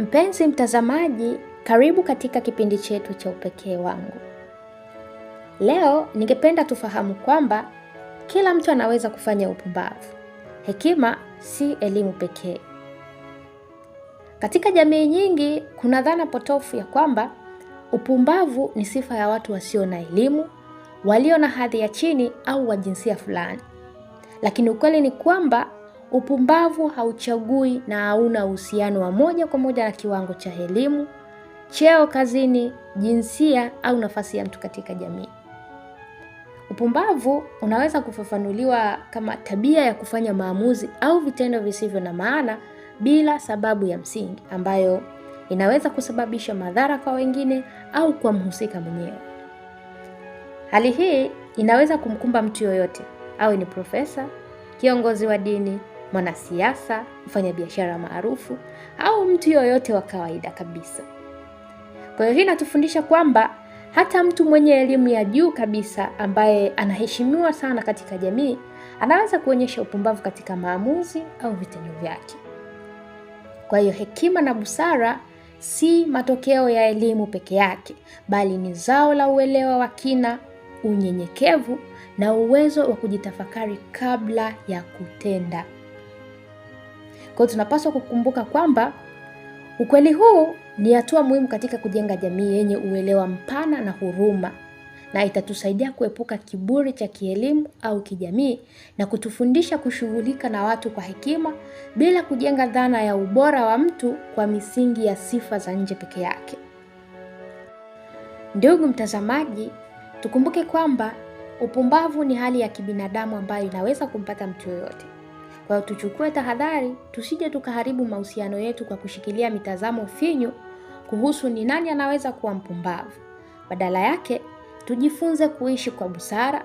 Mpenzi mtazamaji, karibu katika kipindi chetu cha Upekee wangu. Leo ningependa tufahamu kwamba kila mtu anaweza kufanya upumbavu. Hekima si elimu pekee. Katika jamii nyingi kuna dhana potofu ya kwamba upumbavu ni sifa ya watu wasio na elimu, walio na hadhi ya chini au wa jinsia fulani. Lakini ukweli ni kwamba Upumbavu hauchagui na hauna uhusiano wa moja kwa moja na kiwango cha elimu, cheo kazini, jinsia au nafasi ya mtu katika jamii. Upumbavu unaweza kufafanuliwa kama tabia ya kufanya maamuzi au vitendo visivyo na maana bila sababu ya msingi ambayo inaweza kusababisha madhara kwa wengine au kwa mhusika mwenyewe. Hali hii inaweza kumkumba mtu yoyote, awe ni profesa, kiongozi wa dini, mwanasiasa, mfanyabiashara maarufu au mtu yoyote wa kawaida kabisa. Kwa hiyo hii inatufundisha kwamba hata mtu mwenye elimu ya juu kabisa ambaye anaheshimiwa sana katika jamii anaweza kuonyesha upumbavu katika maamuzi au vitendo vyake. Kwa hiyo hekima na busara si matokeo ya elimu peke yake, bali ni zao la uelewa wa kina, unyenyekevu na uwezo wa kujitafakari kabla ya kutenda. Kwa hiyo tunapaswa kukumbuka kwamba ukweli huu ni hatua muhimu katika kujenga jamii yenye uelewa mpana na huruma, na itatusaidia kuepuka kiburi cha kielimu au kijamii na kutufundisha kushughulika na watu kwa hekima bila kujenga dhana ya ubora wa mtu kwa misingi ya sifa za nje peke yake. Ndugu mtazamaji, tukumbuke kwamba upumbavu ni hali ya kibinadamu ambayo inaweza kumpata mtu yoyote. Kwa hiyo tuchukue tahadhari, tusije tukaharibu mahusiano yetu kwa kushikilia mitazamo finyu kuhusu ni nani anaweza kuwa mpumbavu. Badala yake, tujifunze kuishi kwa busara,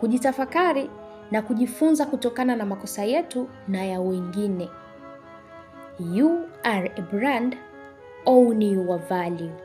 kujitafakari na kujifunza kutokana na makosa yetu na ya wengine. You are a brand, own your value.